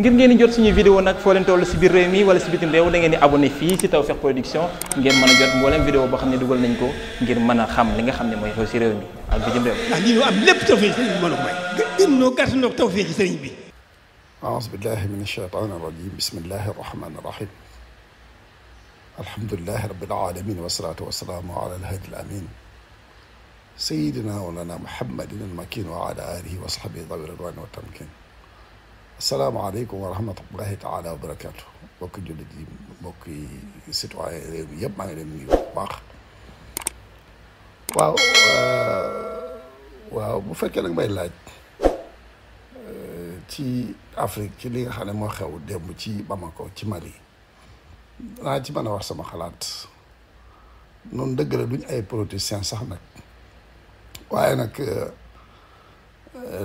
ngir ngeen jot suñu vidéo nag foo leen toll si biir réew mi wala si bitim réew da ngeen fii si Tawfekh Production ngeen mën jot mboolem vidéo boo xam ne dugal nañ ko ngir mën a xam li nga xam ne mooy xew si réew mi ak bitim réew. ndax ñu am a may. gën noo gàtt noo tawfeex sëriñ bi. aouzu billahi min ashaytaani rajim bismillahi rahmani rahim a rabbil alamin wasalaatu wasalaamu ala alhadi al amin sayidina walana wa ala alihi wa sahbihi dawi ridwan salaamaaleykum wa rahmatullahi taala wa barakaatu mbokki jullit yi mbokki citoyen réew mi yëpp maa ngi leen nuyu bu baax waaw euh, waaw bu fekkee nag may laaj euh, ci Afrique ci li nga xam ne moo xew démb ci Bamako ci Mali naa ci mën a wax sama xalaat noonu dëgg la duñ ay politiciens sax nag waaye nag euh,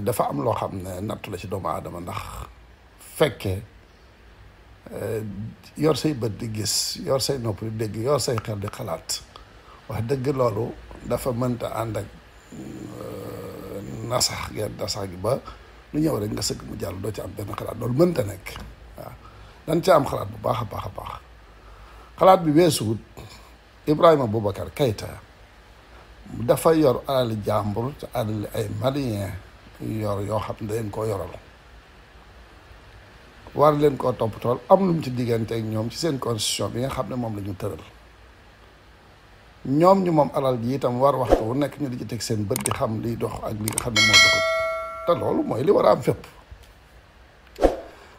dafa am loo xam ne nattu la ci doomu adama ndax fekkee eh, yor say bët di gis yor say nopp di dégg yor say xel di xalaat wax dëgg loolu dafa mënta ànd ak eh, nasax geen nasax gi ba lu ñëw rek nga sëgg mu jàll doo ci am benn xalaat loolu mënta nekk waaw dañ ci am xalaat bu baax a baax a baax xalaat bi weesuwut Ibrahima Boubacar Keïta dafa yor alali jàmbur te alali ay yor yoo xam ne dañ koo yoral war leen koo toppatool am lu mu ci diggante ak ñoom ci seen constitution bi nga xam ne moom la ñu tëral ñoom ñu moom alal ji itam war waxtu wu nekk ñu di ci teg seen bët di xam liy dox ak li nga xam ne moo doxul te loolu mooy li war a am fépp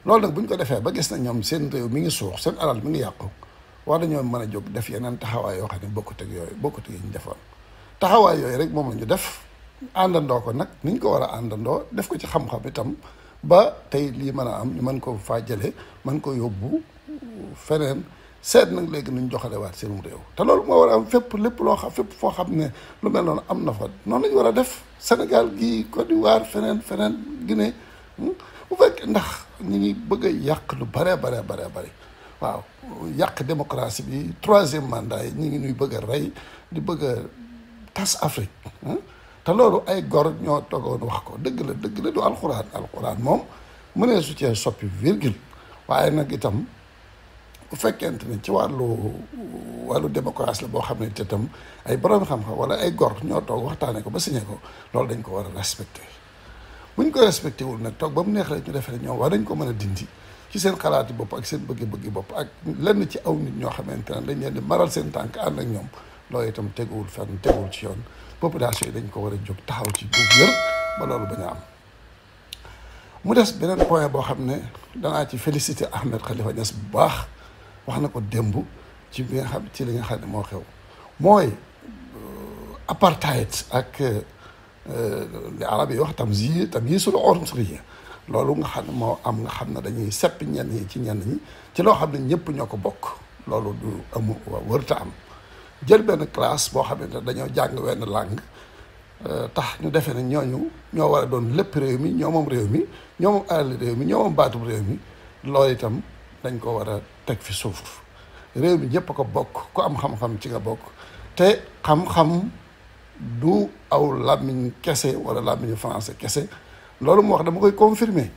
lool nag bu ñu ko defee ba gis na ñoom seen réew mi ngi suux seen alal mi ngi yàqu war nañoo mën a jóg def yeneen taxawaay yoo xam ne bokkut teg yooyu bokkut ak yi ñu defoon taxawaay yooyu rek moom la ñu def àndandoo ko nag niñ ko war a àndandoo def ko ci xam-xam itam ba tey lii mën a am ñu mën ko faa jële mën ko yóbbu feneen seet nag léegi nuñ joxale waat seenum réew te loolu moo war a am fépp lépp loo xam fépp foo xam ne lu mel noonu am na fa noonu ñu war a def Sénégal gi Côte waar feneen feneen Guinée hmm? bu fekkee ndax ñu ngi bëgg yàq lu bare bare bare bare waaw yàq démocratie bi troisième mandat yi ñu ngi ñuy bëgg a rey di bëgg a tas Afrique hmm? te loolu ay gor ñoo togoon wax ko dëgg la dëgg la du alxuraan alxuraan moom mu ne su cee soppi virgule waaye nag itam bu fekkente ne ci wàllu wàllu démocratie la boo xam ne te itam ay borom xam-xam wala ay gor ñoo toog waxtaanee ko ba signé ko loolu dañ ko war a respecté buñ ko respecté wul nag toog ba mu neex rek ñu defee ñoom war dañ ko mën a dindi ci seen xalaati bopp ak seen bëgg-bëggi bopp ak lenn ci aw nit ñoo xamante ne dañ leen di maral seen tànk ànd ñoom loolu itam teguwul fenn teguwul ci yoon. population yi dañ ko war a jóg taxaw ci bu wér ba loolu bañ am mu des beneen point boo xam ne danaa ci féliciter Ahmed Khalifa Niass bu baax wax na ko démb ci bi xam ci li nga ne moo xew mooy euh, apartheid ak euh, li arab yi wax tamyiz tamyizul unsuriya loolu nga xam ne moo am nga xam ne dañuy sepp ñenn yi ci ñenn ñi ci loo xam ne ñëpp ñoo ko bokk loolu du amu wërta am jël benn classe boo xamante ne dañoo jàng wenn langue euh, tax ñu defee ne ñooñu ñoo war a doon lépp réew mi ñoo moom réew mi ñoo moom réew mi ñoo moom baatum réew mi loolu itam dañ ko war a teg fi suuf réew mi ñëpp ko bokk ku am xam-xam ci nga bokk te xam-xam du aw làmmiñ kese wala làmmiñu français kese loolu mu wax dama koy confirmer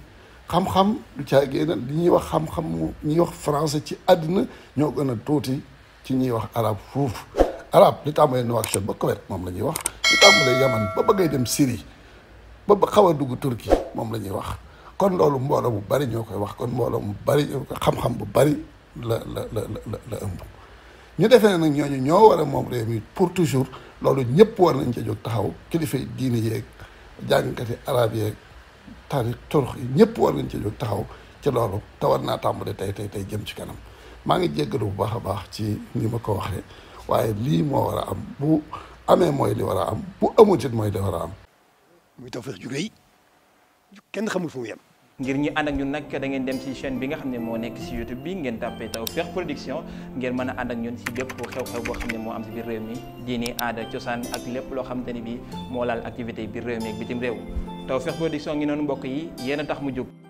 xam-xam du caa génn li ñuy wax xam-xam ñuy wax français ci àddina ñoo gën a tuuti ci ñuy wax arab foofu arab li tàmbalee Nouakchott ba Koweït moom la ñuy wax li tàmbalee Yaman ba bëggee dem Syrie ba ba xaw a dugg Turquie moom la ñuy wax kon loolu mbooloo bu bari ñoo koy wax kon mbooloo mu bari xam-xam bu bari la la ëmb ñu defee ne nag ñooñu ñoo war a moom réew mi pour toujours loolu ñëpp war nañ ca jóg taxaw kilifa yi diine yeeg jàngkati arab yeeg taarix turux yi ñëpp war nañ ci jóg taxaw ci loolu te war naa tàmbale tey tey tey jëm ci kanam maa ngi jéggalu bu baax a baax ci ni ma ko waxee waaye lii moo war a am bu amee mooy li war a am bu amul it mooy li war a am. muy Tawfekh jugee yi kenn xamul fu mu yem. ngir ñi ànd ak ñun nag da ngeen dem ci chaine bi nga xam ne moo nekk ci YouTube bi ngeen taw Tawfekh Production ngeen mën a ànd ak ñun ci bépp xew-xew boo xam ne moo am ci biir réew mi diini aada cosaan ak lépp loo xamante ni bi moo laal activité biir réew mi ak bitim réew Tawfekh Production mbokk yi yéen a tax mu